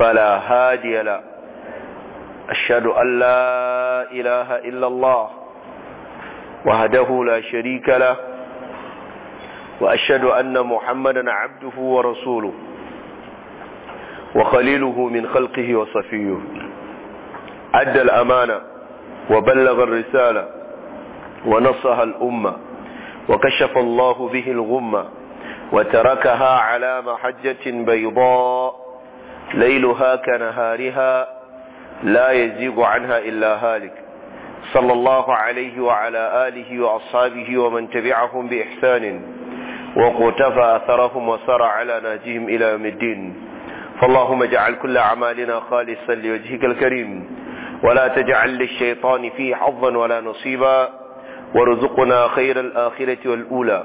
فلا هادي له أشهد أن لا إله إلا الله وهده لا شريك له وأشهد أن محمدا عبده ورسوله وخليله من خلقه وصفيه أدى الأمانة وبلغ الرسالة ونصها الأمة وكشف الله به الغمة وتركها على محجة بيضاء ليلها كنهارها لا يزيغ عنها إلا هالك صلى الله عليه وعلى آله وأصحابه ومن تبعهم بإحسان وقتفى أثرهم وسار على نهجهم إلى يوم الدين فاللهم اجعل كل أعمالنا خالصا لوجهك الكريم ولا تجعل للشيطان فيه حظا ولا نصيبا وارزقنا خير الآخرة والأولى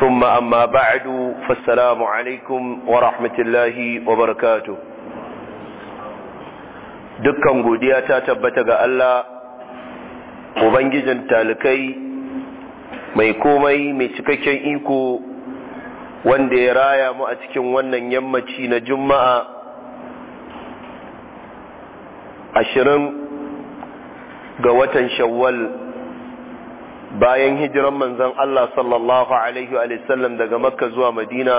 ثم أما بعد فالسلام عليكم ورحمة الله وبركاته dukkan godiya ta tabbata ga Allah ubangijin talikai mai komai mai cikakken iko wanda ya raya mu a cikin wannan yammaci na juma'a ashirin ga watan shawwal bayan hijiran manzan Allah sallallahu alaihi wa sallam daga makka zuwa madina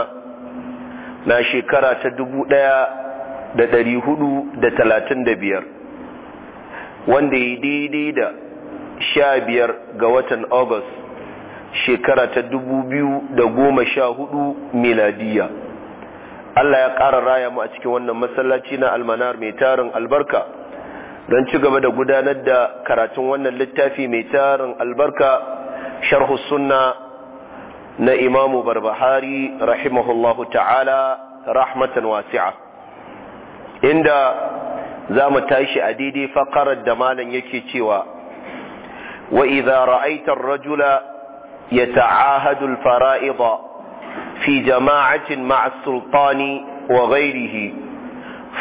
na shekara ta dubu ɗaya da ɗari hudu da talatin da biyar wanda ya daidai da sha biyar ga watan agus shekara ta dubu biyu da goma sha hudu miladiya Allah ya ƙara raya mu a cikin wannan masallaci na almanar mai tarin albarka don ci gaba da gudanar da karatun wannan littafi mai tarin albarka sharhu sunna na imamu barbahari rahimahullahu ta'ala rahmatan wasi'a inda za mu tashi a daidai fakarar da malam yake cewa wa idza ra'aita ar-rajula yata'ahadu al-fara'ida fi jama'atin ma'a as-sultani wa ghayrihi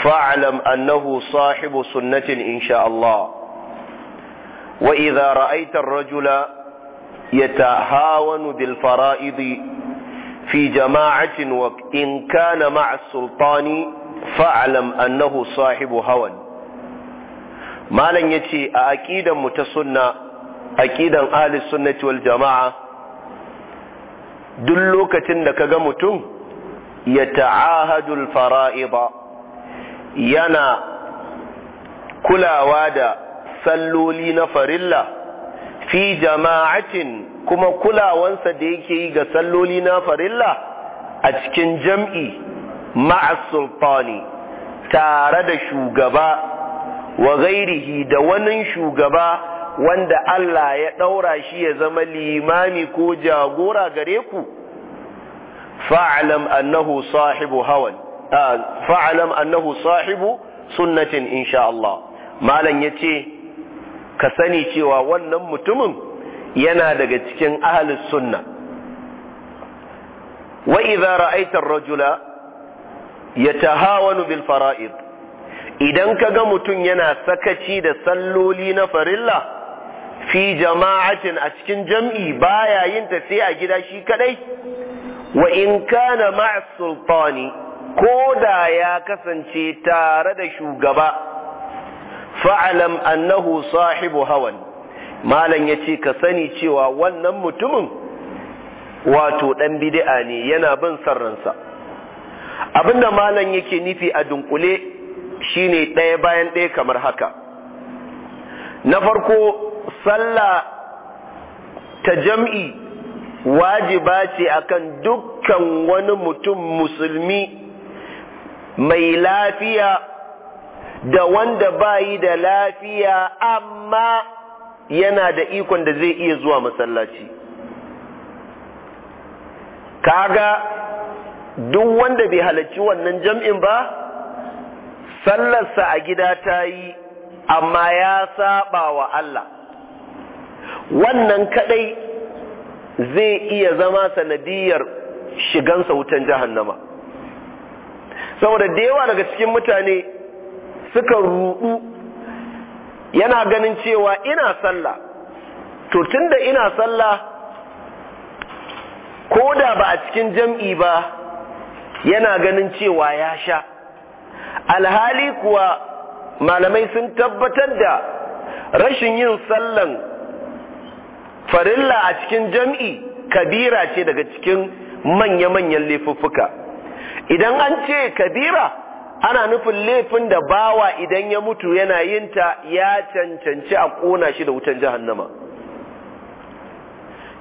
fa'lam annahu sahibu sunnatin insha Allah wa idza ra'aita ar-rajula yatahawanu bil fara'idi fi jama'atin wa in kana ma'a as-sultani fa'alam annahu sahibu hawan malam yace a aƙidan mu ta sunna aƙidan ahli sunnati wal jamaa duk lokacin da ka ga mutum ya ta'ahadul fara'iba yana kulawa da salloli na farilla fi jama'atin kuma kulawansa da yake yi ga salloli na farilla a cikin jam'i ma'a tare da shugaba wa gairihi da wani shugaba wanda Allah ya ɗaura shi ya zama limami ko jagora gare ku fa'alam annahu sahibu sahibu sunnatin insha Allah malam ce ka sani cewa wannan mutumin yana daga cikin ahlus sunna wa idza aitar rajula Ya tahawanu bil fara'id idan ka ga mutum yana sakaci da salloli na farilla fi jama'atin a cikin jam'i baya yin ta a gida shi kadai wa in kana ma'a sultani ko da ya kasance tare da shugaba fa'alam annahu sahibu hawan malam yace ka sani cewa wannan mutumin wato dan bid'a ne yana bin sarransa abinda malam yake nufi a dunkule shine ɗaya bayan ɗaya kamar haka na farko sallah ta jam'i wajiba ce akan dukkan wani mutum musulmi mai lafiya da wanda bayi da lafiya amma yana da ikon da zai iya zuwa masallaci kaga duk wanda bai halarci wannan jam'in ba sallarsa a gida ta yi amma ya saba wa Allah wannan kadai zai iya zama sanadiyar shigansa wutan jahannama saboda da yawa daga cikin mutane suka ruɗu yana ganin cewa ina sallah to tunda ina sallah ko da ba a cikin jam'i ba yana ganin cewa ya sha alhali kuwa malamai sun tabbatar da rashin yin sallan farilla a cikin jam'i kabira ce daga cikin manya-manyan laifuffuka idan an ce kabira ana nufin laifin da bawa idan ya mutu yana yinta ya cancanci a kona shi da wutan jahannama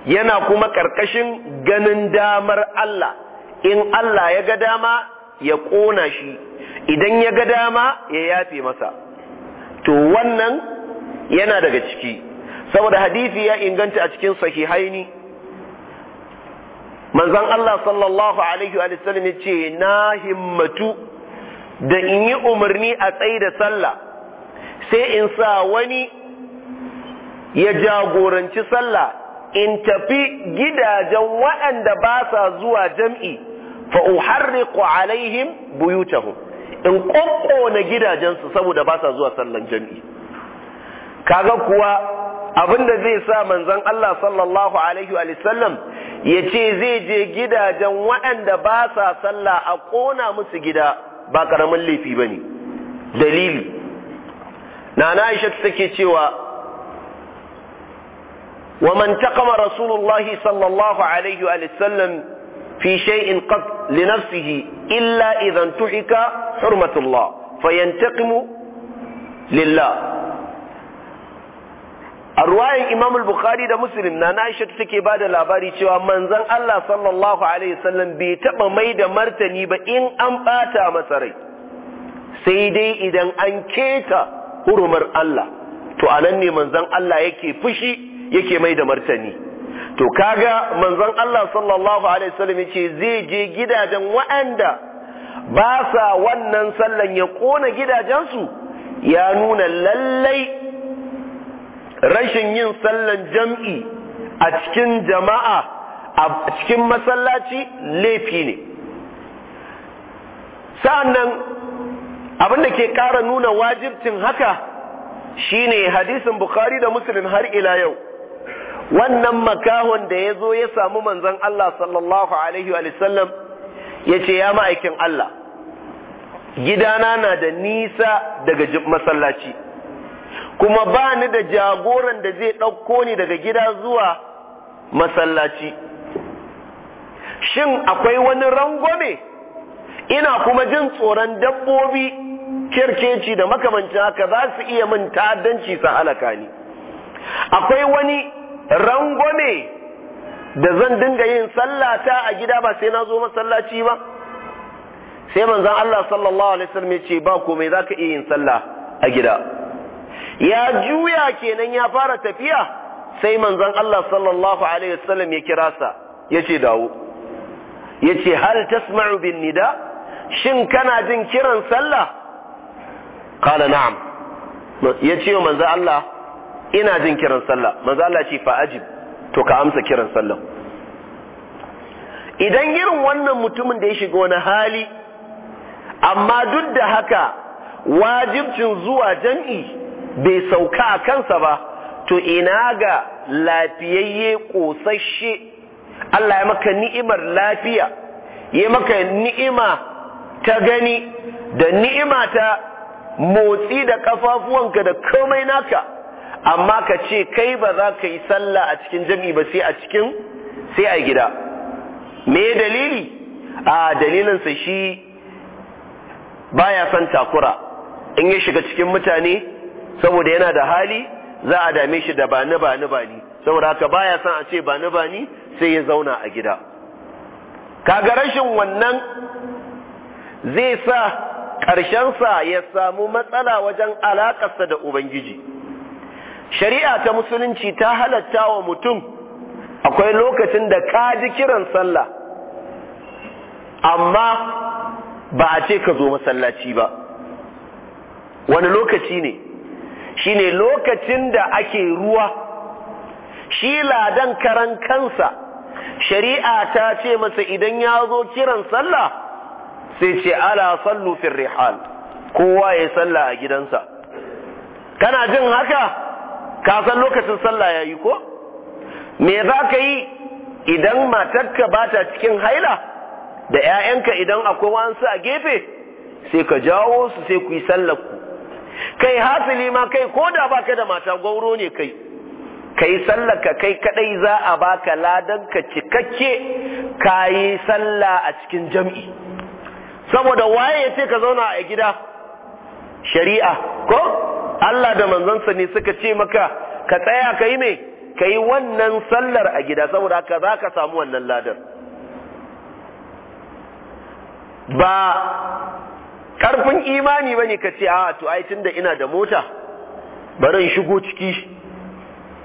yana kuma ƙarƙashin ganin damar Allah in Allah ya ga dama ya ƙona shi idan ya ga dama ya yafe masa to wannan yana daga ciki saboda hadisi ya inganta a cikin sahihaini manzon Allah sallallahu alaihi wa sallam ce na himmatu da in yi umarni a tsaye da sallah sai in sa wani ya jagoranci sallah in tafi gidajen waɗanda ba sa zuwa jam'i fa uharriqu alaihim buyutahum in kokkona gidajensu saboda basa zuwa sallan jami'i kaga kuwa abinda zai sa manzon Allah sallallahu alaihi wa sallam yace zai je gidajen waɗanda ba sa sallah a ƙona musu gida ba karamin laifi bane dalili nana Aisha take cewa wa man taqama rasulullahi sallallahu alaihi wa sallam fi shay'in qad li nafsihi illa idan tuhika hurmatullah fayantaqimu A arwayin imam al-bukhari da muslim na Aisha take bada labari cewa manzon Allah sallallahu bai taba mai da martani ba in an bata masa rai sai dai idan an keta hurumar Allah to a nan ne manzon Allah yake fushi yake mai da martani to kaga manzon Allah sallallahu alaihi wasallam yace zai je gidajen waɗanda ba sa wannan sallan ya kona gidajensu ya nuna lallai rashin yin sallan jam'i a cikin jama'a a cikin masallaci laifi ne sa'annan da ke ƙara nuna wajibcin haka shine hadisin bukhari da muslim har ila yau wannan makahon da ya zo ya samu manzon Allah sallallahu alaihi wasallam ya ce ya ma'aikin Allah gidana na da nisa daga masallaci kuma ba ni da jagoran da zai ɗauko ni daga gida zuwa masallaci shin akwai wani rangwame ina kuma jin tsoron dabbobi kirkeci da makamancin haka za su iya min ta'addanci sa halaka ni akwai wani rangwame da zan dinga yin sallata a gida ba sai na zo masallaci ba sai manzan Allah sallallahu alaihi wasallam ya ce ba komai zaka iya yin sallah a gida ya juya kenan ya fara tafiya sai manzan Allah sallallahu alaihi wasallam ya kira sa ce dawo ya ce hal tasma'u bin nida shin kana jin kiran sallah qala na'am yace manzon Allah ina jin kiran sallah manzo Allah ce fa ajib to ka amsa kiran sallah idan irin wannan mutumin da ya shiga wani hali amma duk da haka wajibcin zuwa jam'i bai sauka a kansa ba to ina ga lafiyayye kosashe Allah ya maka ni'imar lafiya ya maka ni'ima ta gani da ni'ima ta motsi da kafafuwanka da komai naka amma ka ce kai ba za ka yi sallah a cikin jam'i ba sai a cikin sai a gida me dalili a dalilinsa shi baya son takura in ya shiga cikin mutane saboda yana da hali za a dame shi da bani bani bani saboda haka baya son a ce bani bani sai ya zauna a gida kaga rashin wannan zai sa ƙarshensa ya samu matsala wajen alaƙarsa da ubangiji shari'a ta musulunci ta halatta wa mutum akwai lokacin da ka ji kiran sallah amma ba a ce ka zo masallaci ba wani lokaci ne Shi ne lokacin da ake ruwa shi ladan karan kansa shari'a ta ce masa idan ya zo kiran sallah sai ce ala sallu rihal kowa ya sallah a gidansa kana jin haka ka san lokacin sallah ya yi ko me za ka yi idan matarka ba ta cikin haila da 'ya'yanka idan akwai wansu a gefe sai ka jawo su sai ku yi sallar ku kai hasili ma kai ko da ba ka da mata gauro ne kai kai sallar ka kai kadai za a baka ladan ka cikakke kayi sallah a cikin jam'i saboda waye ya ce ka zauna a gida shari'a ko Allah da manzansa ne suka ce maka ka tsaya ka yi me ka yi wannan sallar a gida saboda haka za ka samu wannan ladar ba ƙarfin imani ba ne ka ce a to ai da ina da mota bari shigo ciki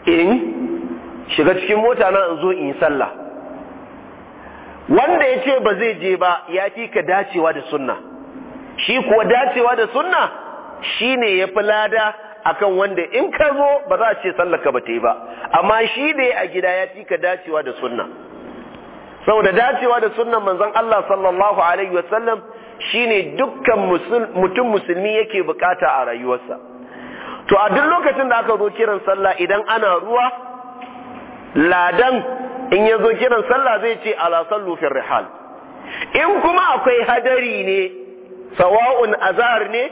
in shiga cikin mota na in zo in yi sallah wanda ya ce ba zai je ba ya fi ka dacewa da sunna shi kuwa dacewa da sunna Shi shine fi lada akan wanda in ka zo ba za a ce sallaka ba ta yi ba amma shi ne a gida ya fi ka dacewa da sunna saboda dacewa da sunnan manzon Allah sallallahu alaihi wasallam shine dukkan mutum musulmi yake bukata a rayuwarsa to a duk lokacin da aka zo kiran sallah idan ana ruwa ladan in ya zo kiran sallah zai ce ala sallu rihal in kuma akwai hadari ne sawa'un azhar ne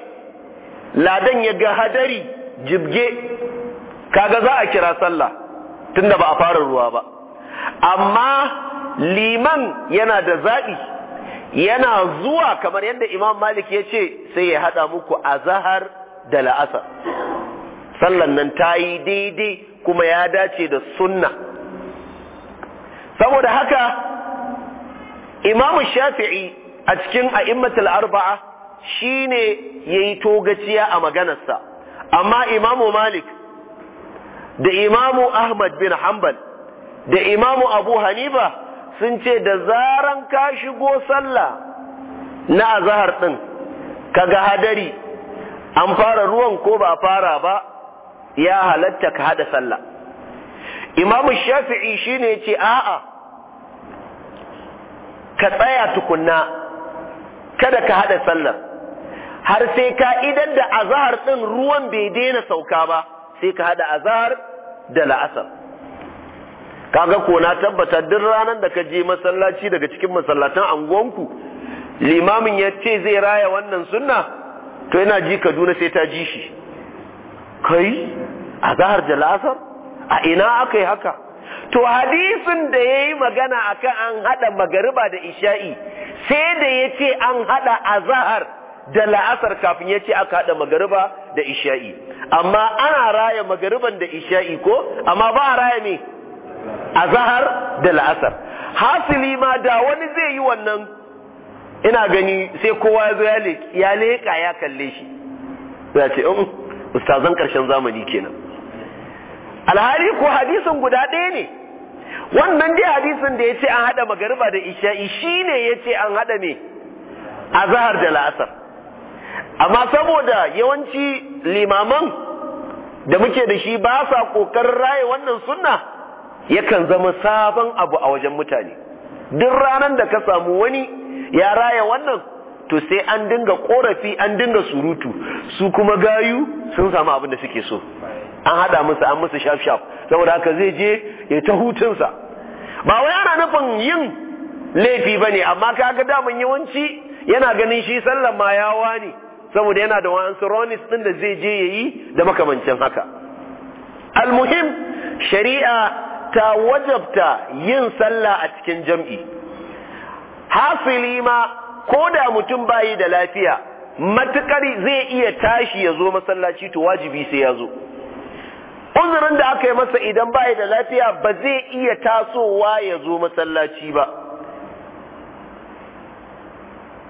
ladan ya ga hadari jibge kaga za a kira sallah tunda ba a fara ruwa ba amma liman yana da zaɓi yana zuwa kamar yadda imam malik ya ce sai ya haɗa muku azahar da la'asa sallan nan ta yi daidai kuma ya dace da sunna saboda haka Imam shafi'i a cikin a'immatul arba'a shine yayi togaciya a maganarsa amma imamu malik da imamu ahmad bin hanbal da imamu abu hanifa sun ce da zaran ka shigo sallah na azahar din kaga hadari an fara ruwan ko ba fara ba ya halatta ka hada sallah imamu shafi'i shine ce a'a ka tsaya tukunna kada ka hada sallar har sai ka idan da azahar ɗin ruwan bai daina sauka ba sai ka hada azhar da la'asar kaga ko na tabbata duk ranar da ka je masallaci daga cikin masallatan anguwanku limamin ya ce zai raya wannan sunna to yana ji Kaduna sai ta ji shi kai azhar da la'asar a ina aka yi haka to hadisin da ya yi magana akan an haɗa magariba da isha'i sai da ya ce an haɗa azahar da la'asar kafin ya ce aka haɗa magariba da isha'i amma ana raya magariban da isha'i ko amma ba a raya ne a zahar da la'asar hasili ma da wani zai yi wannan ina gani sai kowa ya zo ya leƙa ya kalle shi ya ce um ustazan ƙarshen zamani kenan alhali ko hadisin guda ɗaya ne wannan dai hadisin da ya ce an haɗa magariba da isha'i shine ya ce an haɗa ne a zahar da la'asar amma saboda yawanci limaman da muke da shi ba sa kokarin raye wannan sunna yakan zama sabon abu a wajen mutane duk ranar da ka samu wani ya raye wannan to sai an dinga korafi an dinga surutu su kuma gayu sun samu abin da suke so an haɗa musu an musu shaf shaf saboda haka zai je ya ta hutunsa ba wai ana nufin yin laifi ba ne, amma kaga damun yawanci yana ganin shi sallan ma ne saboda yana da wa'ansu ronis ɗin da zai je yayi da makamancin haka almuhim shari'a ta wajabta yin sallah a cikin jam'i Hafili ma ko da mutum bayi da lafiya matukar zai iya tashi ya zo masallaci to wajibi sai ya zo uzurin da aka yi masa idan bayi da lafiya ba zai iya tasowa ya zo masallaci ba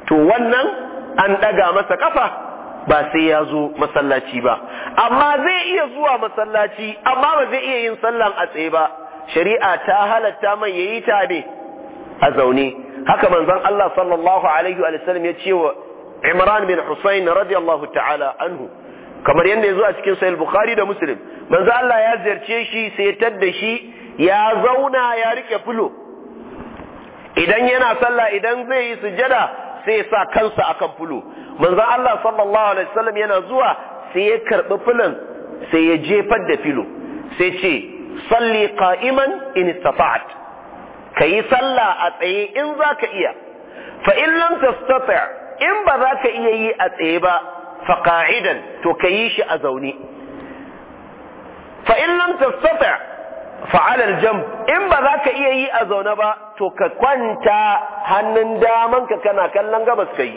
to wannan an ɗaga masa kafa ba sai ya zo masallaci ba amma zai iya zuwa masallaci amma ba zai iya yin sallan a tsaye ba shari'a ta halatta man yayi ta ne a zaune haka manzon Allah sallallahu alaihi wa sallam ya ce wa Imran bin Husayn radiyallahu ta'ala anhu kamar yadda ya zo a cikin sahih Bukhari da Muslim manzo Allah ya ziyarce shi sai da shi ya zauna ya rike fulo idan yana sallah idan zai yi sujada sai ya sa kansa akan fulo manzon Allah sallallahu alaihi wasallam yana zuwa sai ya karbi fulon sai ya jefar da filo sai ce salli qa'iman in istata'at kayi sallah a tsaye in zaka iya fa in lam tastata' in ba zaka ka iya yi a tsaye ba fa qa'idan to kayi shi a zaune fa in lam tastata' fa'alal jam in ba za ka iya yi a zaune ba to ka kwanta hannun daman ka kana kallon gabas ka yi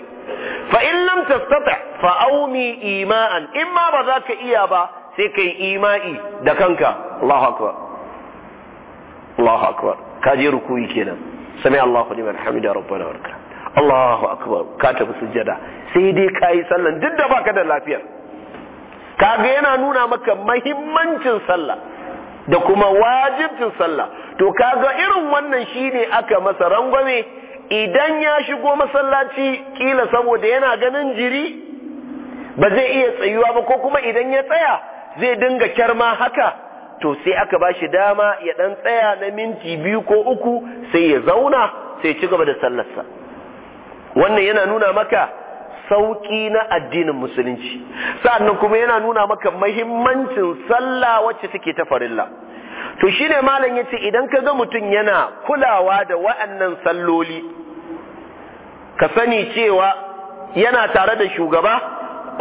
fa in lam tastata fa ima'an in ma ba za ka iya ba sai ka yi ima'i da kanka Allahu akbar Allahu akbar ka je rukuyi kenan sami Allahu liman hamida rabbana wa lakal Allahu akbar ka tafi sujjada sai dai ka yi sallan duk da baka da lafiyar. Ka ga yana nuna maka mahimmancin sallah da kuma wajibcin sallah to kaga irin wannan shine aka masa rangwame idan ya shigo masallaci kila saboda yana ganin jiri ba zai iya tsayuwa ba ko kuma idan ya tsaya zai dinga kyarma haka to sai aka ba shi dama ya dan tsaya na minti biyu ko uku sai ya zauna sai ya ci gaba da sallarsa wannan yana nuna maka sauki na addinin musulunci sa'annan kuma yana nuna maka muhimmancin sallah wacce take ta farilla to shine malam yace idan ka ga mutum yana kulawa da wa'annan salloli ka sani cewa yana tare da shugaba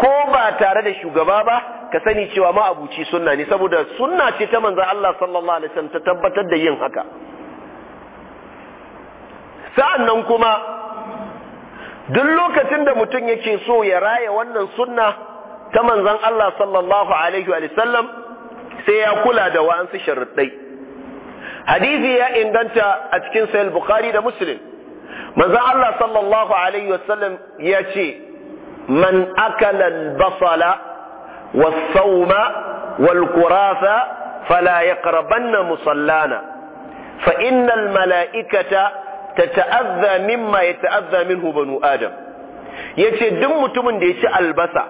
ko ba tare da shugaba ba ka sani cewa ma'abuci sunna ne saboda sunna ce ta manzo Allah sallallahu alaihi wasallam ta tabbatar da yin haka sa'annan kuma duk lokacin da mutum yake so ya raya wannan sunna ta manzon Allah sallallahu alaihi wa sallam sai ya kula da wa'ansu sharuɗai hadisi ya inganta a cikin sahih bukhari da muslim manzon Allah sallallahu alaihi wa sallam ya ce man akala al-basala was-sawma wal-qurafa fala yaqrabanna musallana fa innal mala'ikata tata'azza mimma yata'azza minhu banu adam yace duk mutumin da ya ci albasa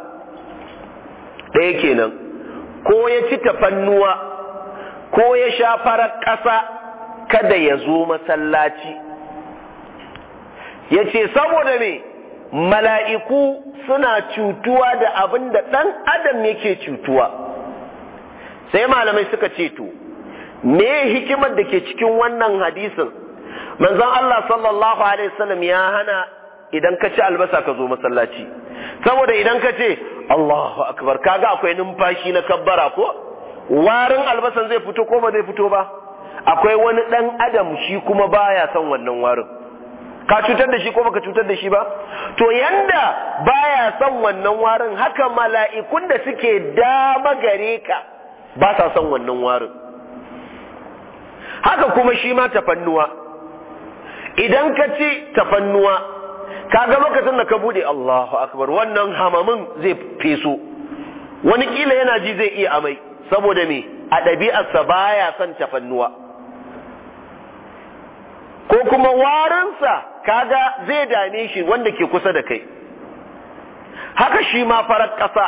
ɗaya kenan ko ya ci tafannuwa ko ya sha farar ƙasa kada ya zo masallaci yace saboda me mala'iku suna cutuwa da abin da ɗan adam yake cutuwa sai malamai suka ce to me hikimar da ke cikin wannan hadisin manzon Allah sallallahu alaihi wasallam ya hana idan ka ci albasa ka zo masallaci saboda idan ka ce Allahu akbar kaga akwai numfashi na kabbara ko warin albasan zai fito ko ba zai fito ba akwai wani dan adam shi kuma baya son wannan warin ka cutar da shi ko baka cutar da shi ba to yanda baya son wannan warin haka mala'ikun da suke dama gare ka ba sa son wannan warin haka kuma shi ma tafannuwa idan ka ci tafannuwa ka ga lokacin da ka bude Allahu akbar wannan hamamin zai feso wani kila yana ji zai iya amai saboda me a ɗabi'arsa baya son tafannuwa ko kuma warinsa kaga zai dame shi wanda ke kusa da kai haka shi ma farar ƙasa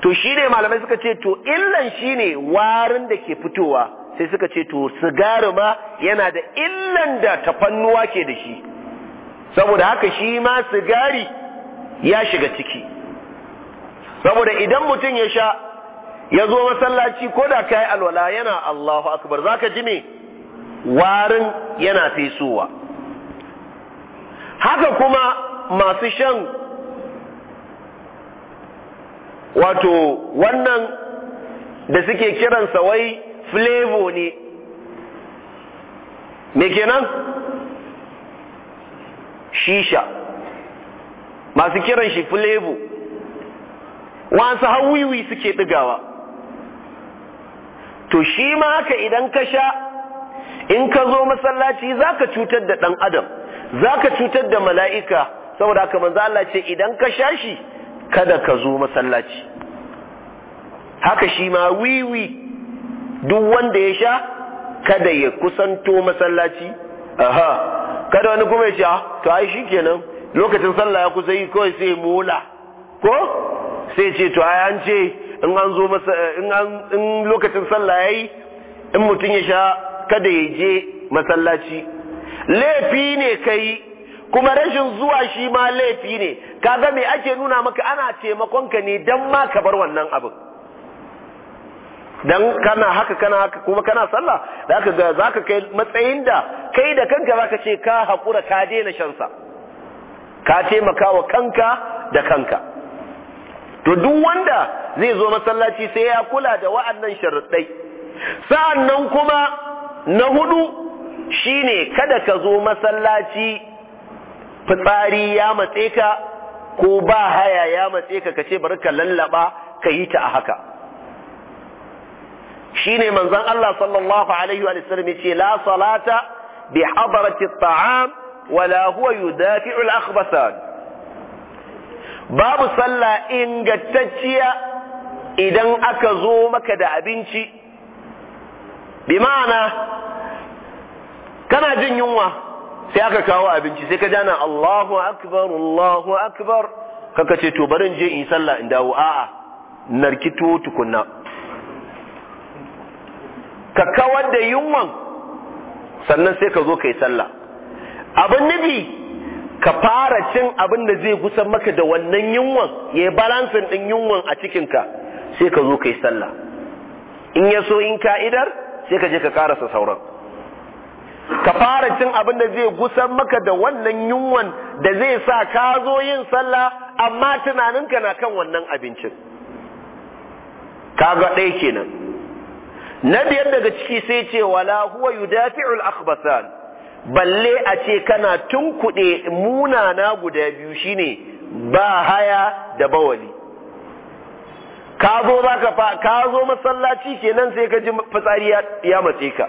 to shi ne malamai suka ce to illan shi ne warin da ke fitowa sai suka ce to sigari ma yana da illan da tafannuwa ke da shi saboda haka shi ma sigari ya shiga ciki saboda idan mutum ya sha ya zo masallaci ko da kai alwala yana Allahu akbar zaka ji me warin yana fesowa haka kuma masu shan wato wannan da suke kiransa wai flavor ne me kenan shisha masu kiran shi flavor wasu hawiwi suke ɗigawa to shi ma haka idan ka sha in ka zo masallaci zaka cutar da ɗan adam zaka cutar da mala'ika saboda haka manzo Allah ce idan ka sha shi kada ka zo masallaci haka shi ma wiwi duk wanda ya sha kada ya kusanto masallaci aha kada wani kuma ya ce ah, to ai shikenan lokacin sallah ya kusa yi kawai sai mola ko sai ce to ai an ce in an zo masa in an in lokacin sallah yayi in mutum ya sha kada ya je masallaci laifi ne kai kuma rashin zuwa shi ma laifi ne kaga me ake nuna maka ana taimakon ka ne dan ma ka bar wannan abin dan kana haka kana haka kuma kana sallah zaka ga zaka kai matsayin da kai da kanka zaka ce ka hakura ka daina shan sa ka taimaka wa kanka da kanka to duk wanda zai zo masallaci sai ya kula da wa'annan sharuɗai sa'annan kuma na hudu shine kada ka zo masallaci fitsari ya matse ka ko ba haya ya matse ka kace bari ka lallaba ka yi ta a haka shine manzon Allah sallallahu alaihi wa sallam yace la salata bi hadarati at-ta'am wala huwa yudafi'u al babu sallah ingantacciya idan aka zo maka da abinci bi ma'ana kana jin yunwa sai aka kawo abinci sai ka jana Allahu akbar Allahu akbar kaka ce to barin je in sallah in dawo a'a narkito tukunna ka kawar da yunwan sannan sai ka zo ka yi sallah abin nufi ka fara cin abin da zai gusan maka da wannan yunwan ya yi balansin ɗin yunwan a cikinka sai ka zo ka yi sallah in ya so in ka'idar sai ka je ka karasa sauran ka fara cin abin da zai gusan maka da wannan yunwan da zai sa ka zo yin sallah amma tunaninka na kan wannan abincin Ka ga ɗaya kenan na biyar daga ciki sai ce wala huwa yudafi'ul akhbasan balle a ce kana tunkuɗe munana guda biyu shine ba haya da bawali ka zo baka fa ka zo masallaci kenan sai ka ji fitsari ya matse ka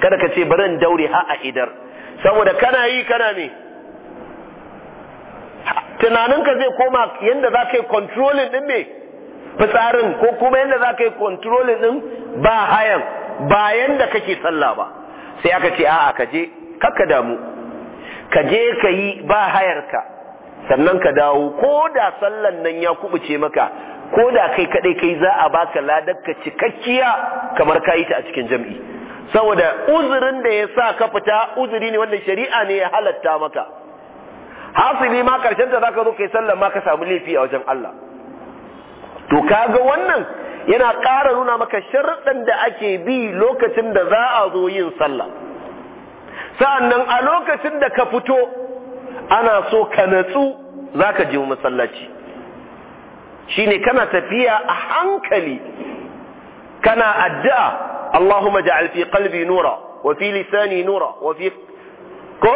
kada ka ce bari daure ha a idar saboda kana yi kana me tunaninka zai koma yanda za ka yi controlling din me fitsarin ko kuma yadda za ka yi kontrolin ɗin ba hayan bayan da kake sallah ba sai aka ce a'a ka je kaka damu ka je ka yi ba hayarka sannan ka dawo ko da sallan nan ya kubuce maka ko da kai kadai kai za a baka ladakka cikakkiya kamar ka yi ta a cikin jam'i saboda uzurin da ya sa ka fita uzuri ne wanda shari'a ne ya halatta maka hasili ma karshen ta zaka zo kai sallan ma ka samu laifi a wajen Allah to kaga wannan yana ƙara nuna maka sharuɗan da ake bi lokacin da za a zo yin sallah sa'annan a lokacin da ka fito ana so ka natsu zaka ka je masallaci shine kana tafiya a hankali kana addu'a Allahumma ja'al fi qalbi nura wa fi lisani nura wa fi ko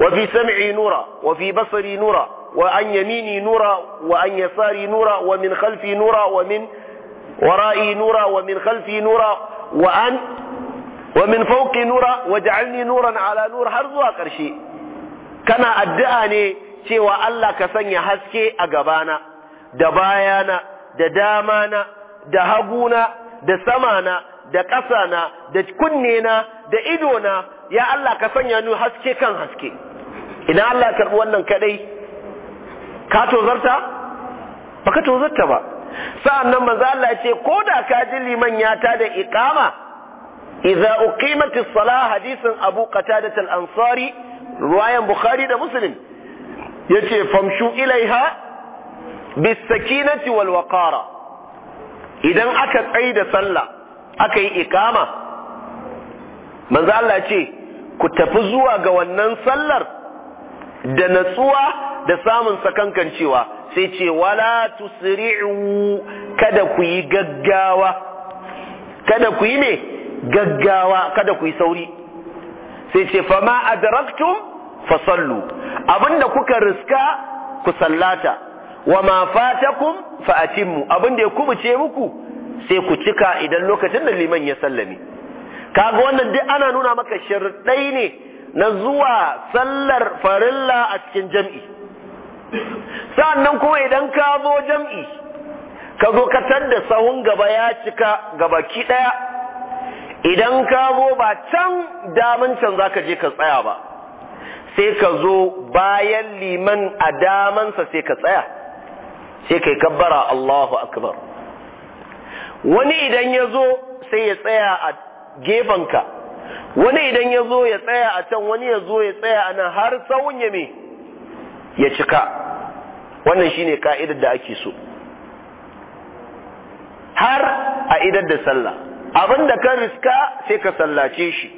wa fi sam'i nura wa fi basari nura وعن يميني نورا وعن يساري نورا ومن خلفي نورا ومن ورائي نورا ومن خلفي نورا وأن ومن فوق نورا وجعلني نورا على نور هرزوا قرشي كان أدعاني شوى الله كسن يحسكي أقبانا دبايانا ددامانا دهبونا دسمانا دكسانا دكنينا دئدونا يا الله كسن ينو حسكي كان حسكي إن الله كربوانا كليه ka tozarta ba ka tozarta ba sa'an nan manzo ce ko da ka ji liman ya ta da iƙama. Iza uqimatis salah hadisin Abu Qatadah al-Ansari ruwayan Bukhari da Muslim yace famshu ilaiha bisakinati walwakara idan aka tsayi da sallah aka yi iƙama mazala ce ku tafi zuwa ga wannan sallar da natsuwa da samun cewa sai ce wala tusri'u kada ku yi gaggawa kada ku yi me gaggawa kada ku yi sauri sai ce fama adraktum fasallu abinda kuka riska ku sallata wama fatakum fa atimmu abinda ya kubuce muku sai ku cika idan lokacin da liman ya sallame kaga wannan duk ana nuna maka shirdai ne na zuwa sallar farilla a cikin jam'i sa'annan kuma idan ka zo jam'i ka zo ka da sahun gaba ya cika ki kiɗaya. idan ka zo ba can daman can za ka je ka tsaya ba sai ka zo bayan liman a damansa sai ka tsaya sai yi kabbara Allahu akbar wani idan ya zo sai ya tsaya a gefanka wani idan ya zo ya tsaya a can wani ya zo ya tsaya a nan har tsawon ya ya cika wannan shine ka'idar da ake so har a idar da sallah abinda da kan riska sai ka sallace shi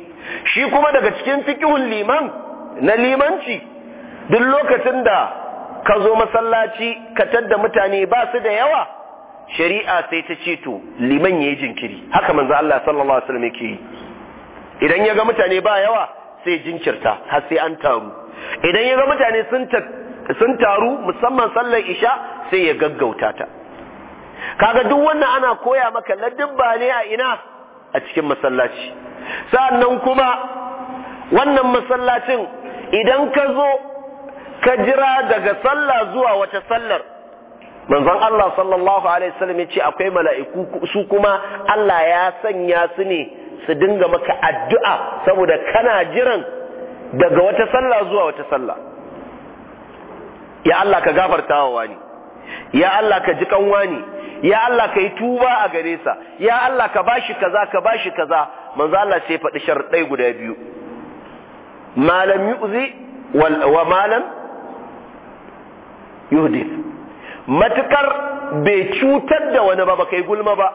shi kuma daga cikin fikihun liman na limanci duk lokacin da ka zo masallaci ka tadda mutane ba su da yawa shari'a sai ta ce to liman yayi jinkiri haka manzo Allah sallallahu alaihi wasallam yake yi idan ya ga mutane ba yawa sai jinkirta har sai an taru idan ya ga mutane sun sun taru musamman sallar isha sai ya gaggauta ta kaga duk wannan ana koya maka ladibba ne a ina a cikin masallaci sa'annan kuma wannan masallacin idan ka zo ka jira daga sallah zuwa wata sallar manzon Allah sallallahu alaihi wasallam yace akwai mala'iku su kuma Allah ya sanya su ne su dinga maka addu'a saboda kana jiran daga wata sallah zuwa wata sallah ya Allah ka gafarta wa wani ya Allah ka ji kanwani ya Allah ka yi tuba a gare sa ya Allah ka bashi kaza ka bashi kaza manzo Allah sai faɗi sharuɗai guda biyu malam yu'zi wa malam yuhdi matukar bai cutar da wani ba baka yi gulma ba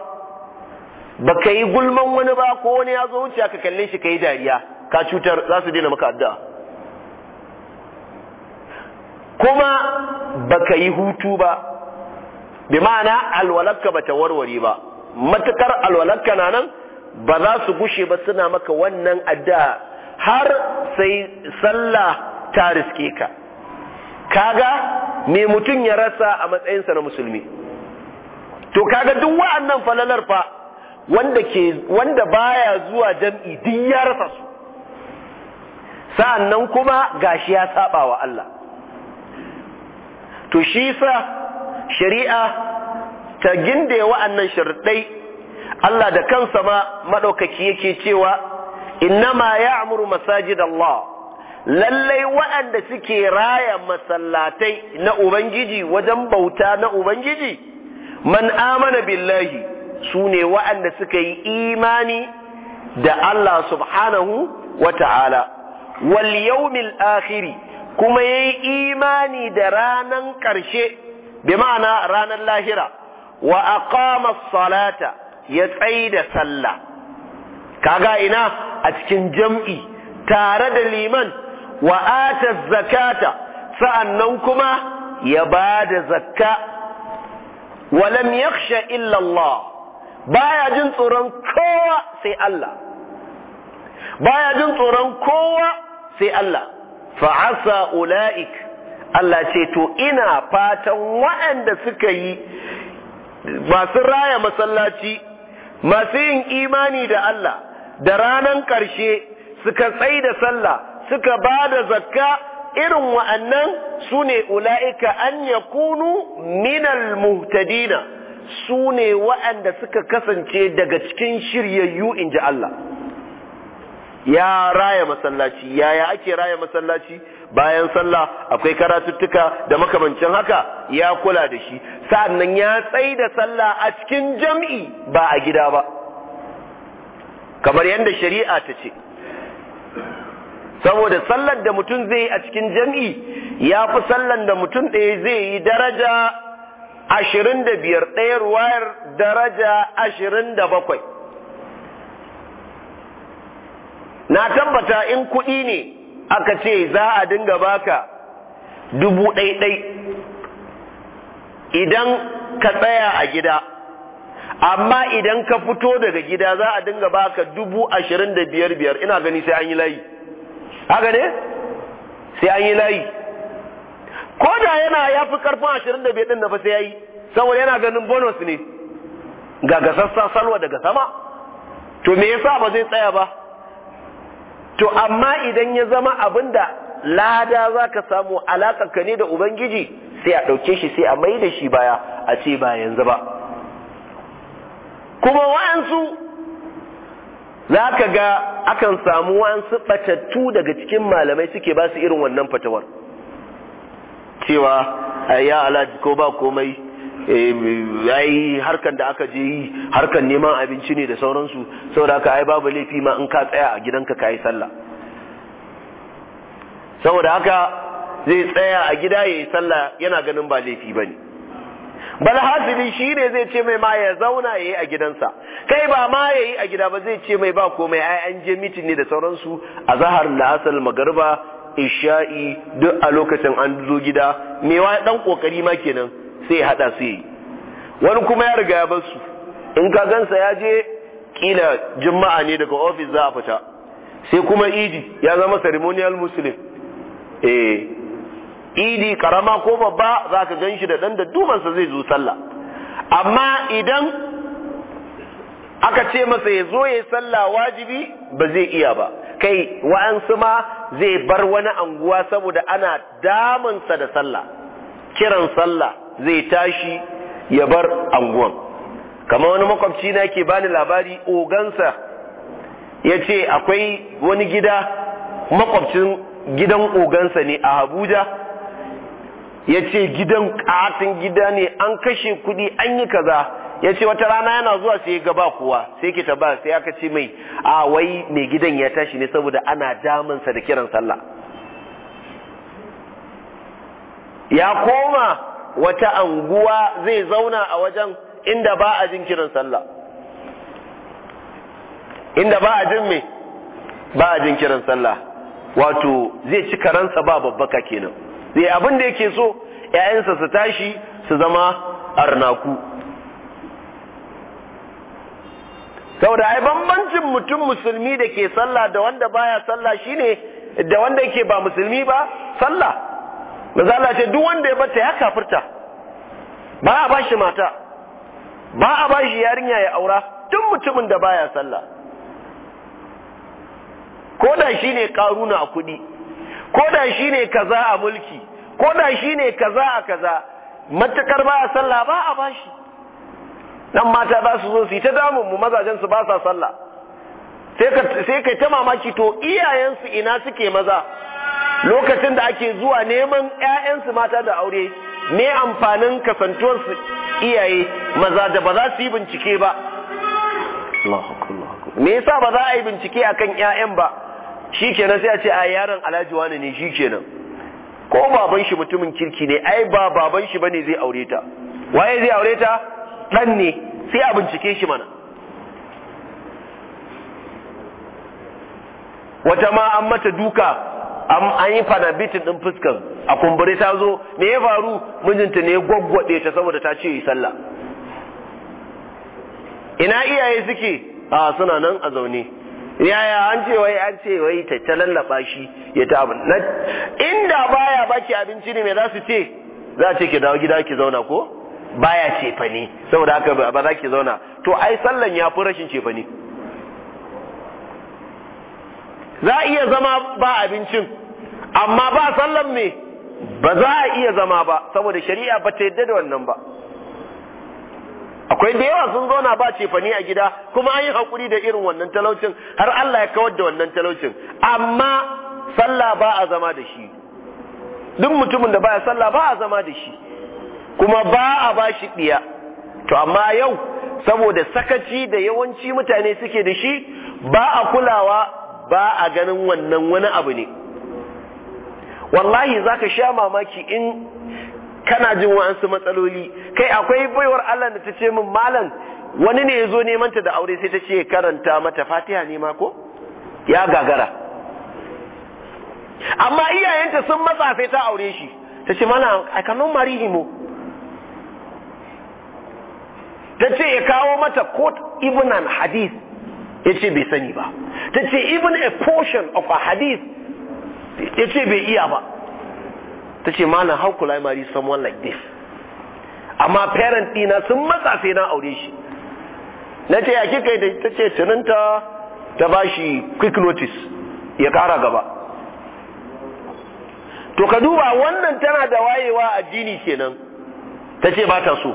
baka yi gulman wani ba ko wani ya zo wuce ka kalle shi ka yi dariya ka cutar za su daina maka addu'a kuma baka yi hutu ba bi ma'ana ba bata warware ba matukar alwalakka na nan ba za su gushe ba suna maka wannan adda har sai sallah ta riske ka kaga me mutum ya rasa a matsayinsa na musulmi to kaga duk wa'annan falalar fa wanda ke wanda baya zuwa jam'i duk ya rasa su sa'annan kuma gashi ya saba wa Allah to shi sa shari'a ta ginde wa'annan sharuɗai Allah da kansa ma maɗaukaki yake cewa innama ya'muru masajid Allah lallai wa'anda suke raya masallatai na ubangiji wajen bauta na ubangiji man amana billahi su ne wa'anda suka yi imani da Allah subhanahu wa ta'ala wal yawmil akhiri kuma ya yi imani da ranan ƙarshe bi ma'ana ranar lahira wa aqama salata ya tsaye da sallah kaga ina a cikin jam'i tare da liman wa ata zakata sa'annan kuma ya ba da zakka wa lam yakhsha illa Allah baya jin tsoron kowa sai Allah baya jin tsoron kowa sai Allah fa'asa ula'ik Allah ce to ina fatan waɗanda suka yi masu raya masallaci masu yin imani da Allah da ranan ƙarshe suka tsai da sallah suka ba da zakka irin wa'annan su ne ula'ika an ya kunu minal muhtadina su ne wa'anda suka kasance daga cikin shiryayyu in ji Allah. ya raya masallaci yaya ake raya masallaci bayan sallah akwai karatuttuka da makamancin haka ya kula da shi sa'annan ya tsai da sallah a cikin jam'i ba a gida ba kamar yadda shari'a ta ce saboda sallar da mutum zai yi a cikin jam'i ya fi sallar da mutum ɗaya zai yi daraja ashirin da biyar ɗaya ruwayar daraja ashirin da bakwai na tabbata in kuɗi ne aka ce za a dinga baka dubu ɗaiɗai idan ka tsaya a gida amma idan ka fito daga gida za a dinga baka dubu ashirin da biyar biyar ina gani sai an yi layi haka ne sai an yi layi ko da yana ya fi karfin ashirin da biyar ɗin na fasa ya yi saboda yana ganin bonus ne ga gasassa salwa daga sama to me yasa ba zai tsaya ba to amma idan ya zama abin da lada za ka samu alaƙa ne da ubangiji sai a ɗauke shi sai a mai da shi baya a ce ba yanzu ba kuma wa'ansu za ka ga akan samu wa'ansu ɓatattu daga cikin malamai suke ba su irin wannan fatawar cewa ya alaji ko ba komai Eh, yayi harkan da aka je yi harkan neman abinci ne da sauransu saboda haka ai babu laifi ma in ka tsaya a gidanka kayi sallah saboda haka zai tsaya a gida yayi sallah yana ganin ba laifi bane bal hasili shi ne zai ce mai ma ya zauna yayi a gidansa kai ba ma yayi a gida ba zai ce mai ba komai ai an je mitin ne da sauransu a zahar asal magarba isha'i duk a lokacin an zo gida mewa ɗan kokari ma kenan sai ya hada su yi wani kuma ya riga ya bar su in ka gansa ya je kila juma'a ne daga ofis za a fita sai kuma idi ya zama ceremonial muslim eh idi karama ko babba za ka gan shi da dan da dubansa zai zo sallah amma idan aka ce masa ya zo ya sallah wajibi ba zai iya ba kai wa'ansu ma zai bar wani anguwa saboda ana damansa da sallah kiran sallah zai tashi ya bar anguwan kamar wani makwabci na ke bani labari ogansa ya ce akwai wani gida makwabcin gidan ogansa ne a abuja ya ce gidan katin gida ne an kashe kudi an yi kaza ya ce wata rana yana zuwa sai gaba kuwa kowa sai ke ta sai aka ce mai a wai mai gidan ya tashi ne saboda ana damansa da kiran sallah ya koma wata anguwa zai zauna a wajen inda ba a jin kiran sallah inda ba a jin me ba a jin kiran sallah wato zai ci karansa ba babbaka kenan zai abin da yake so ‘ya'yansa su tashi su zama arnaku saboda ai bambancin mutum musulmi da ke sallah da wanda baya sallah shine da wanda yake ba musulmi ba sallah maza Allah ce duk wanda ya bata ya kafirta ba a ba shi mata ba a ba shi yarinya ya aura tun mutumin da baya sallah ko da shi ne karuna a kudi ko da shi ne kaza a mulki ko da shi ne kaza a kaza matakar ba a sallah ba a ba shi nan mata ba su zo su yi ta damun mu mazajen su ba sa sallah sai kai ta mamaki to iyayensu ina suke maza lokacin da ake zuwa neman 'ya'yansu mata da aure ne amfanin kasantuwarsu iyaye maza da ba za su yi bincike ba me yasa ba za a yi bincike akan 'ya'yan ba shikenan sai a ce a yaron alhaji wani ne shikenan ko baban shi mutumin kirki ne ai ba baban shi bane zai aure ta waye zai aure ta dan ne sai a bincike shi mana wata ma an mata duka an yi fanabitin din fuskar a kumbure ta zo me ya faru mijinta ne gwaggwaɗe ta saboda ta ce yi sallah ina iyaye suke a suna nan a zaune yaya an ce wai an ce wai ta ta lallaba shi ya ta abin inda baya baki abinci ne me za su ce za ce ki dawo gida ki zauna ko baya cefane saboda haka ba za ki zauna to ai sallan ya fi rashin cefane za a iya zama ba abincin amma ba sallan me ba za a iya zama ba saboda shari'a ba ta yadda da wannan ba akwai da yawa sun zauna ba cefani a gida kuma an yi haƙuri da irin wannan talaucin har Allah ya kawar da wannan talaucin amma sallah ba a zama da shi duk mutumin da baya sallah ba a zama da shi kuma ba a ba shi ɗiya to amma yau saboda sakaci da yawanci mutane suke da shi ba a kulawa ba a ganin wannan wani abu ne wallahi za ka sha mamaki in kana jin wa'ansu matsaloli kai akwai baiwar Allah da ta ce min malam wani ne ya zo neman ta da aure sai ta ce karanta mata fatiha ne ma ko ya gagara amma iyayenta sun matsafe ta aure shi ta ce malam I cannot marry him ta ce ya kawo mata kot ibn an hadith ya ce bai sani ba ta ce even a portion of a hadith ya ce bai iya ba ta ce malam how could I marry someone like this amma parent dina sun matsa sai na aure shi na ce ya kika da ta ce tuninta ta ba shi quick notice ya kara gaba to ka duba wannan tana da wayewa addini kenan ta ce ba ta so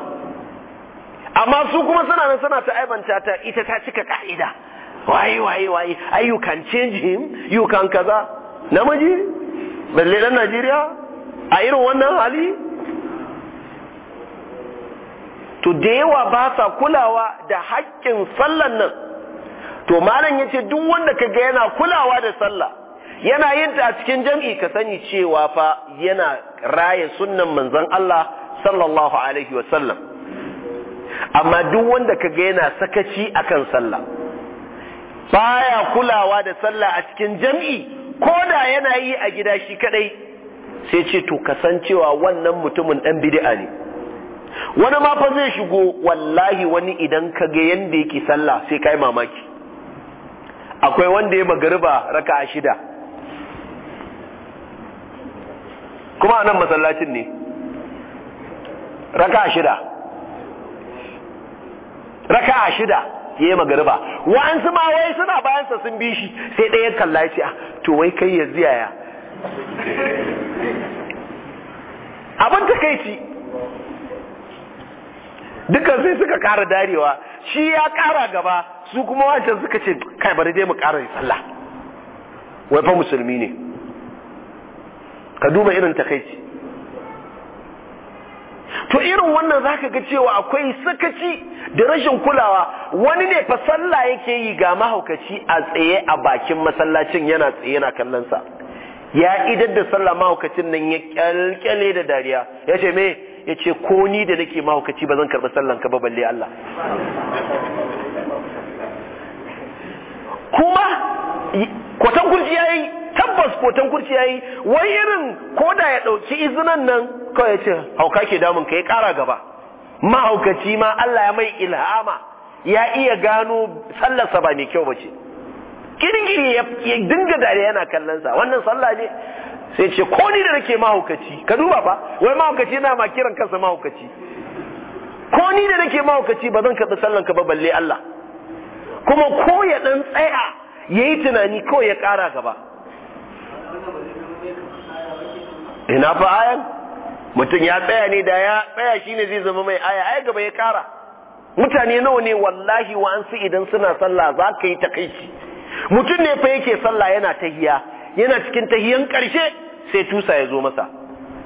amma su kuma suna nan suna ta aibanta ta ita ta cika ka'ida waye waye waye ayyukan change him you can kaza namiji balle dan najeriya a irin wannan hali to da yawa ba sa kulawa da haƙƙin sallan nan to malam ce duk wanda ka kaga yana kulawa da sallah yana yin ta a cikin jam'i ka sani cewa fa yana raye sunnan manzon Allah sallallahu alaihi wa sallam amma duk wanda kaga yana sakaci akan sallah baya kulawa da sallah a cikin jam'i ko da yana yi a gida shi kadai sai ce to kasancewa wannan mutumin dan bid'a ne wani ma fa zai shigo wallahi wani idan ka ga yanda yake sallah sai kai mamaki akwai wanda ya magariba raka'a shida kuma anan masallacin ne raka'a shida raka'a shida yayi magariba wa'ansu ma wai suna bayan sa sun bi shi sai ɗaya kalla ya a ah, to wai kai ya ziyaya abin ci dukkan sai suka kara darewa shi ya kara gaba su kuma wancan suka ce kai bari dai mu kara sallah wai fa musulmi ne ka duba irin takaici. to irin wannan zaka ga cewa akwai sakaci da rashin kulawa wani ne fa sallah yake yi ga mahaukaci a tsaye a bakin masallacin yana tsaye yana kallon sa ya idar da sallah mahaukacin nan ya kyalkyale da dariya ya ce me ya ce ko ni da nake mahaukaci ba zan karɓi sallan ka ba balle Allah kuma kwatankurji ya yi tabbas kotan kurci yayi wai irin koda ya dauki izinan nan kawai ya ce hauka ke damun kai kara gaba mahaukaci ma Allah ya mai ilhama ya iya gano sallarsa ba mai kyau ba ce kirgiri ya dinga dare yana kallon sa wannan sallah ne sai ce ko ni da nake mahaukaci ka duba fa wai mahaukaci yana ma kiran kansa mahaukaci ko ni da nake mahaukaci ba zan karɓi sallan ka ba balle Allah kuma ko ya dan tsaya yayi tunani ko ya ƙara gaba ina fa ayan mutum ya tsaya ne da ya tsaya shine zai zama mai aya ai gaba ya kara mutane nawa ne wallahi wa'ansu idan suna sallah za ka yi takaici mutum ne fa yake sallah yana tahiya yana cikin tahiyan karshe sai tusa ya zo masa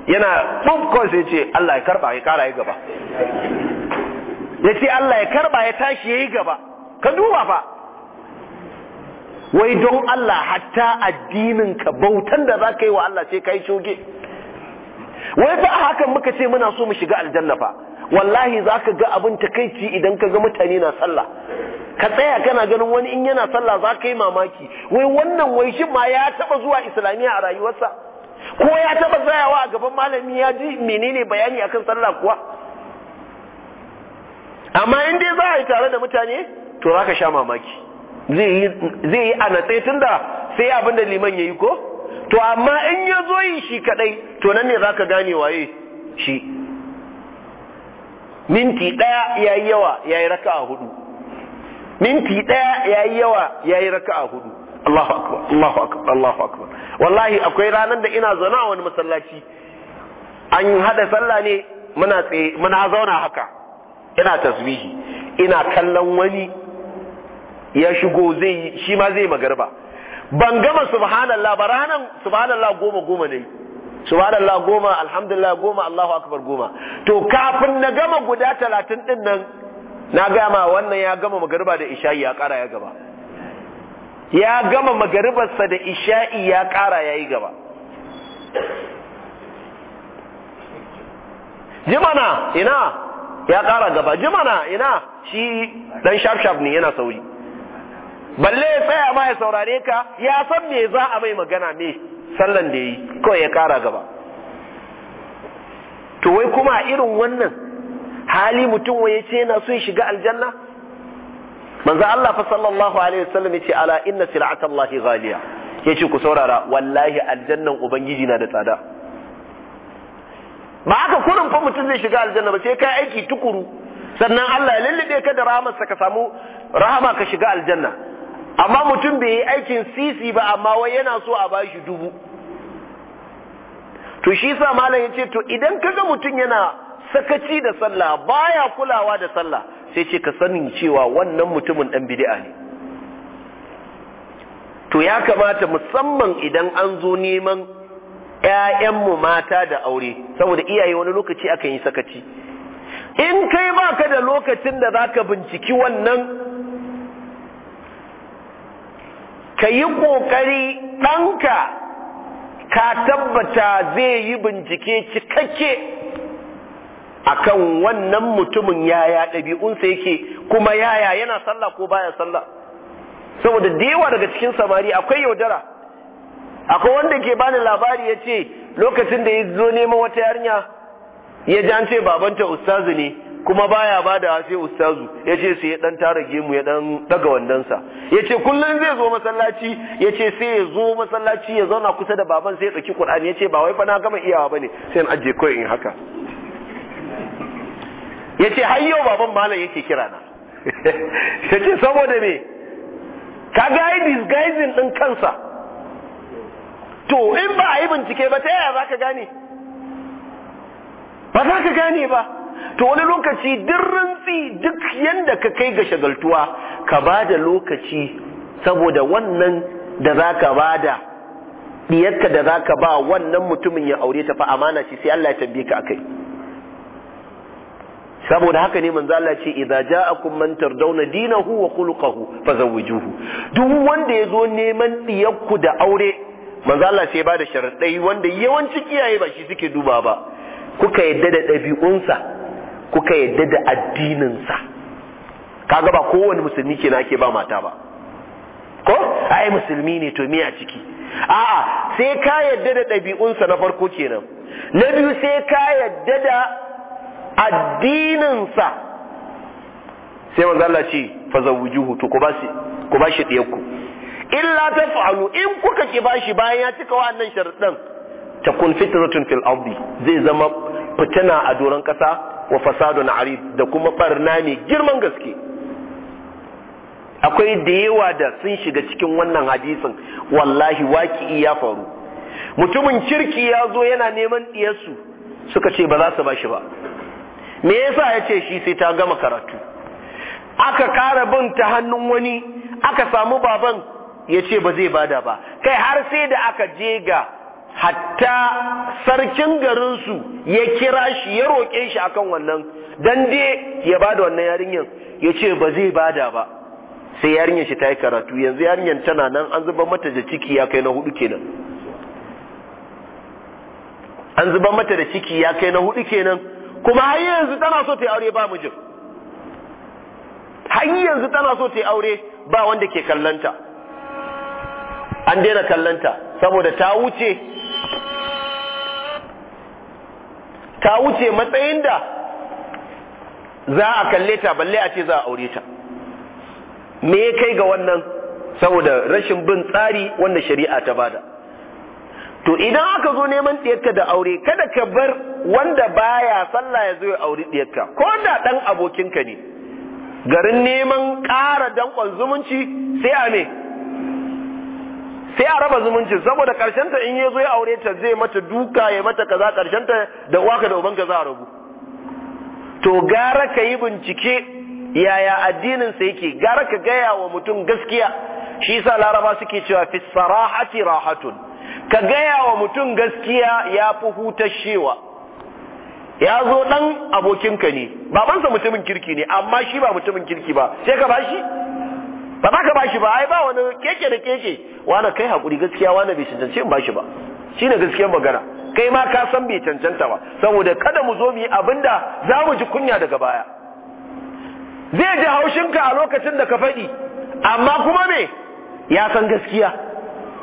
yana popcorn sai ce Allah ya karba ya kara ya gaba ya ce Allah ya karba ya tashi ya yi gaba ka duba fa wai don Allah hatta addinin ka bautan da zaka yi wa Allah sai ka yi shoge wai a hakan muka ce muna so mu shiga aljanna fa wallahi zaka ga abin takaici idan ka ga mutane na sallah ka tsaya kana ganin wani in yana sallah zaka yi mamaki wai wannan wai shin ma ya taba zuwa islamiyya a rayuwarsa ko ya taba tsayawa a gaban malami ya ji menene bayani akan sallah kuwa amma in dai za a yi tare da mutane to zaka sha mamaki zai yi a natsai tun da sai abin da liman ya yi ko to amma in ya zo yi shi kadai to nan ne za ka gane waye shi minti ɗaya ya yi yawa ya yi raka a hudu minti ɗaya ya yi yawa ya yi raka a hudu Allahu akbar Allahu akbar Allahu akbar wallahi akwai ranar da ina zauna a wani masallaci an haɗa sallah ne muna muna zauna haka ina tasbihi ina kallon wani ya shigo zai shi ma zai magarba ban gama subhanallah ba ranan subhanallah goma goma ne subhanallah goma alhamdulillah goma Allahu akbar goma to kafin na gama guda talatin din nan na gama wannan ya gama magarba da isha'i ya kara ya gaba ya gama magaribarsa da isha'i ya kara ya yi gaba jimana ina ya kara gaba jimana ina shi dan shafshaf ne yana sauri balle ya tsaya ma ya saurare ka ya san me za a mai magana ne sallan da yi kawai ya kara gaba to wai kuma irin wannan hali mutum wai yace yana so ya shiga aljanna manzo Allah fa sallallahu alaihi wasallam yace ala inna sil'atallahi ghaliya yace ku saurara wallahi aljannan ubangiji na da tsada ba aka kurin fa mutum zai shiga aljanna ba sai kai aiki tukuru sannan Allah ya lullube ka da rahamarsa ka samu rahama ka shiga aljanna amma mutum bai yi aikin sisi ba amma wai yana so a bashi dubu to shi sa malam ya ce to idan kaga mutum yana sakaci da sallah baya kulawa da sallah sai ce ka sani cewa wannan mutumin dan bid'a ne to ya kamata musamman idan an zo neman ƴaƴan mu mata da aure saboda iyaye wani lokaci akan yi sakaci in kai baka da lokacin da za ka binciki wannan ka yi ƙoƙari ɗanka ka tabbata zai yi bincike cikakke akan wannan mutumin yaya ɗabi'unsa yake kuma yaya yana sallah ko baya sallah saboda da yawa daga cikin samari akwai yaudara akwai wanda ke bani labari ya ce lokacin da ya zo neman wata yarinya ya ce babanta ustazu ne kuma baya ba da sai ustazu ya ce sai ya dan tara gemu ya dan daga wandansa ya ce kullum zai zo masallaci ya ce sai ya zo masallaci ya zauna kusa da baban sai ya tsaki kur'ani ya ce ba wai fa na gama iyawa bane sai an ajiye kawai in haka ya ce har yau baban malam yake kira na ya ce saboda me ka ga disguising din kansa to in ba a yi bincike ba ta yaya za ka gane ba za ka gane ba to wani lokaci duk rantsi duk yanda ka kai ga shagaltuwa ka bada lokaci saboda wannan da za ka da diyarka da za ba wannan mutumin ya aure ta fa amana ce sai Allah ya tambaye ka akai saboda haka ne manzo Allah ce idza ja'akum man tardawna dinahu wa khuluquhu fazawwijuhu duk wanda yazo neman diyarku da aure manzo Allah sai bada wanda yawanci kiyaye ba shi suke duba ba kuka yadda da ɗabi'unsa kuka yadda da addininsa kaga ba kowane musulmi ke ake ba mata ba ko ai musulmi ne to miya ciki a'a sai ka yadda da ɗabi'unsa na farko kenan na biyu sai ka yadda da addininsa sai manzo Allah ce fa zawujuhu to ku ba shi ku illa taf'alu in kuka ki bashi bayan ya cika wa'annan sharuɗan takun fitratun fil ardi zai zama fitina a doron kasa wa fasadun arid da kuma barna ne girman gaske akwai da yawa da sun shiga cikin wannan hadisin wallahi waki ya faru mutumin kirki ya zo yana neman ɗiyarsu suka ce ba za su ba shi ba me yasa ya ce shi sai ta gama karatu aka kara bin ta hannun wani aka samu baban ya ce ba zai bada ba kai har sai da aka je ga hatta sarkin garinsu ya kira shi ya roƙe shi akan wannan dan dai ya bada wannan yarinyar ya ce ba zai bada ba sai yarinyar shi ta yi karatu yanzu yarinyar tana nan an zuba mata da ciki ya kai na hudu kenan an zuba mata da ciki ya kai na hudu kenan kuma har yanzu tana so ta yi aure ba mijin har yanzu tana so ta yi aure ba wanda ke kallanta an daina kallanta saboda ta wuce ta wuce matsayin da za a kalle ta balle a ce za a aure ta me ya kai ga wannan saboda rashin bin tsari wanda shari'a ta bada to idan aka zo neman ɗiyarka da aure kada ka bar wanda baya sallah ya zo ya auri ɗiyarka ko da ɗan abokinka ne garin neman ƙara danƙon zumunci sai a ne sai a raba zumuncin saboda karshen ta in yazo ya aure ta zai mata duka ya mata kaza karshen ta da waka da ubanka za a rabu to gara ka yi bincike yaya addinin sa yake gara ka gaya wa mutum gaskiya shi yasa laraba suke cewa fi sarahati rahatun ka gaya wa mutum gaskiya ya fi hutashewa ya zo dan abokinka ne babansa mutumin kirki ne amma shi ba mutumin kirki ba sai ka bashi ba za ka bashi ba ai ba wani keke da keke wane kai hakuri gaskiya wane bai cancanci in bashi ba shine gaskiyar magana kai ma ka san bai cancanta ba saboda kada mu zo mu yi abinda za mu ji kunya daga baya zai ji ka a lokacin da ka faɗi amma kuma me ya san gaskiya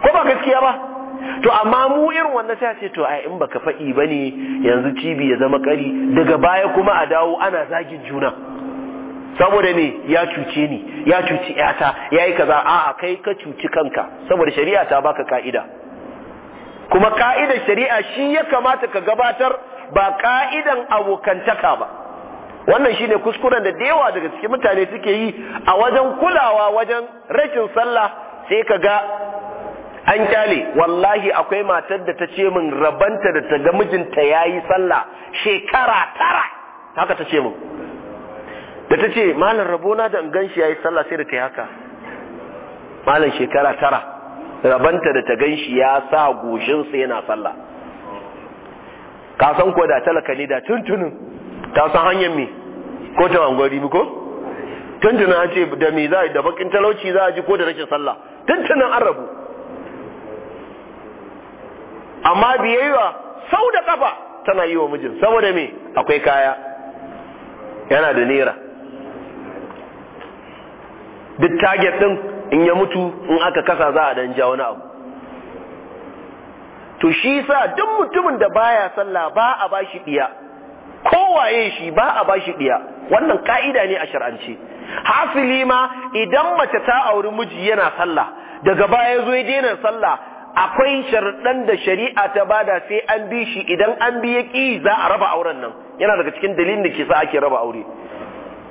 ko ba gaskiya ba to amma mu irin wannan sai ce to ai in ka faɗi bane yanzu cibi ya zama kari daga baya kuma a dawo ana zagin juna saboda ne ya cuce ni ya cuci yata ya yayi kaza a'a kai ka cuci kanka saboda shari'a ta baka ka'ida kuma ka'idar shari'a shi ya kamata ka gabatar ba ka'idan abokantaka ba wannan shine kuskuren da dewa daga cikin mutane suke yi a wajen kulawa wajen rashin sallah sai ka ga an kyale wallahi akwai matar da ta ce min rabanta da ta ga mijinta ya yi sallah shekara tara haka ta ce min da ta ce malam rabona da gan shi ya yi sallah sai da ta yi haka malam shekara tara rabanta da ta ganshi ya sa goshinsa yana sallah ka san ko da talaka ne da tuntunin ta san hanyar me ko ta wangwari mi ko tuntunin an ce da me za a yi da bakin talauci za a ji ko da rashin sallah tuntunin an rabu amma biyayya sau da kafa tana yi wa mijin saboda me akwai kaya yana da nera duk target ɗin in ya mutu in aka kasa za a danja wani abu to shi sa duk mutumin da baya sallah ba a bashi diya kowaye shi ba a bashi diya wannan ka'ida ne a shar'ance hasili ma idan mace ta auri miji yana sallah daga baya zo ya daina sallah akwai sharɗan da shari'a ta bada sai an bi shi idan an bi ya ƙi za a raba auren nan yana daga cikin dalilin da ke sa ake raba aure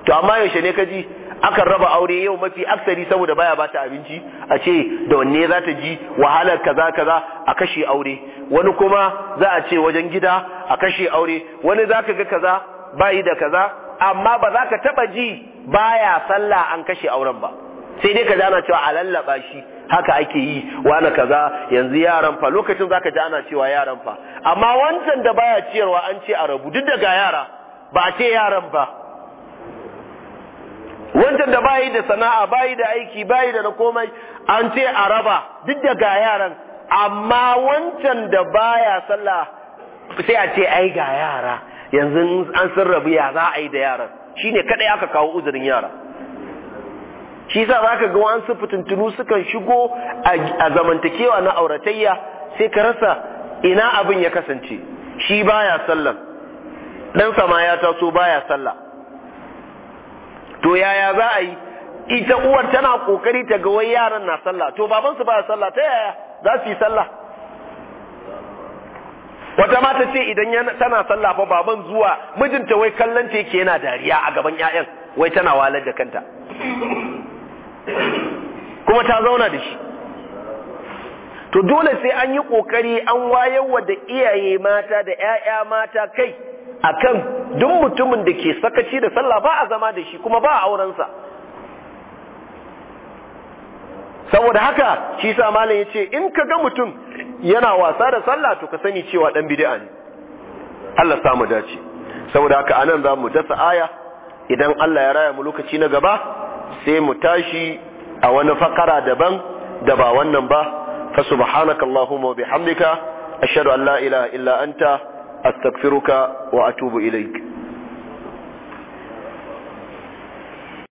to amma yaushe ne ka ji akan raba aure yau mafi aksari saboda baya bata abinci a ce da wanne za ta ji wahalar kaza kaza a kashe aure wani kuma za a ce wajen gida a kashe aure wani za ka ga kaza bayi da kaza amma ba za ka taba ji baya sallah an kashe auren ba sai dai ka ana cewa a lallaba shi haka ake yi wani kaza yanzu yaran fa lokacin zaka ji ana cewa yaran fa amma wancan da baya ciyarwa an ce a rabu duk daga yara ba a ce yaran ba wancan da bayi da sana'a bayi da aiki bayi da komai an ce a raba duk da ga yaran amma wancan da baya sallah sai a ce ai ga yara yanzu an san rabu ya za a yi da yaran shine kadai aka kawo uzurin yara shi za zaka ga su fitintunu sukan shigo a zamantakewa na auratayya sai ka rasa ina abin ya kasance shi baya sallah dan sama ya taso baya sallah to yaya za a yi ita uwar tana kokari ta ga wai yaran na sallah to baban su baya sallah ta yaya za su yi sallah wata mata ce idan tana sallah fa baban zuwa mijinta wai kallon ta yake yana dariya a gaban ƴaƴan wai tana walar da kanta kuma ta zauna da shi to dole sai an yi kokari an wayar wa da iyaye mata da 'ya'ya mata kai akan duk mutumin da ke sakaci da sallah ba a zama da shi kuma ba a aurensa saboda haka shi sa malam yace in ka ga mutum yana wasa da sallah to ka sani cewa dan bid'a ne Allah samu dace saboda haka anan za mu dasa aya idan Allah ya raya mu lokaci na gaba sai mu tashi a wani fakara daban da ba wannan ba fa subhanakallahumma wa bihamdika ashhadu an la ilaha illa anta أستغفرك وأتوب إليك